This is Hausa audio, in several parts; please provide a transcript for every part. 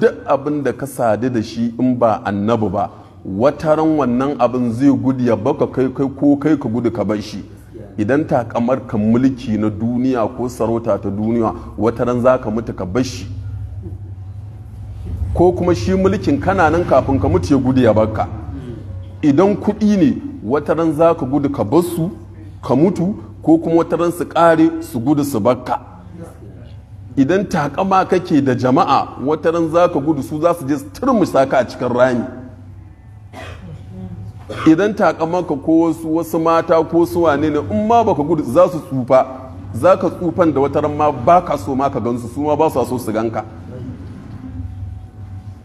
duk abin da ka sadu da shi in ba annabi ba wataran wannan abin zai gudu ya baka kai kai ko kai ka gudu ka bar shi idan kamar ka mulki na duniya ko sarauta ta duniya wataran za ka mutu ka bar shi ko kuma shi mulkin kana nan kafin ka mutu ya gudu ya baka idan kuɗi ne wataran za ka gudu ka bar su ka mutu ko kuma wataran su kare su gudu su baka idan takama kake da jama'a wata ran za ka gudu su za su je turmusa ka a cikin rami idan takamaka ko wasu wasu mata ko su wane ne in ma baka gudu za su tsufa za ka tsufan da wata ran ma ba ka so ma ka gansu su ma ba su so su ganka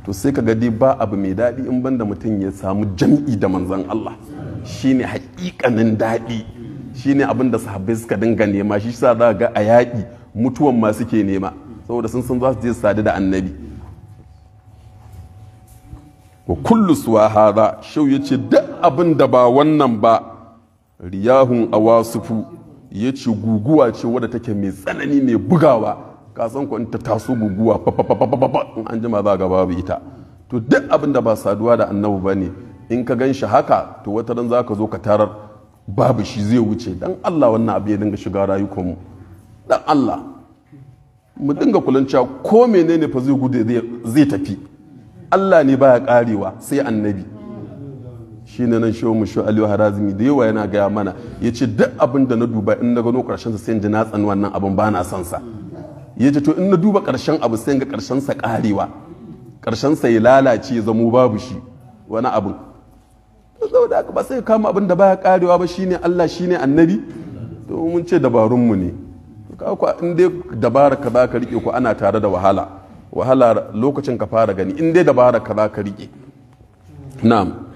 to sai ka gadi ba abu mai daɗi in banda mutum ya samu jam'i da manzan Allah shine haƙiƙanin daɗi shine abin da sahabbai suka dinga nema shi sa za ga a yaƙi mutuwan ma suke nema saboda sun san za su je sadu da annabi wa kullu suwa hada shau ya ce duk abin da ba wannan ba riyahun awasufu ya ce guguwa ce wadda take mai tsanani mai bugawa kasan ku in ta taso guguwa in an jima za ga babu ita to duk abin da ba saduwa da annabi ba ne in ka gan shi haka to wata ran za ka zo ka tarar babu shi zai wuce dan allah wannan abu ya dinga shiga rayukanmu dan Allah mu dinga kulancewa ko menene fa zai gude zai tafi Allah ne baya karewa sai annabi shi ne nan shehu mushu aliyu harazimi da yawa yana gaya mana ya ce duk abin da na duba in na gano karshen sa sai ji na tsan wannan abin ba na son sa ya ce to in na duba karshen abu sai ga karshen sa karewa karshen sa ya lalace ya zamo babu shi wani abin da aka ba sai kama abin da baya karewa ba shine Allah shine annabi to mun ce dabarun mu ne ka in dai dabara ka za ka rike ku ana tare da wahala wahala lokacin ka fara gani in dai dabara ka za ka rike na'am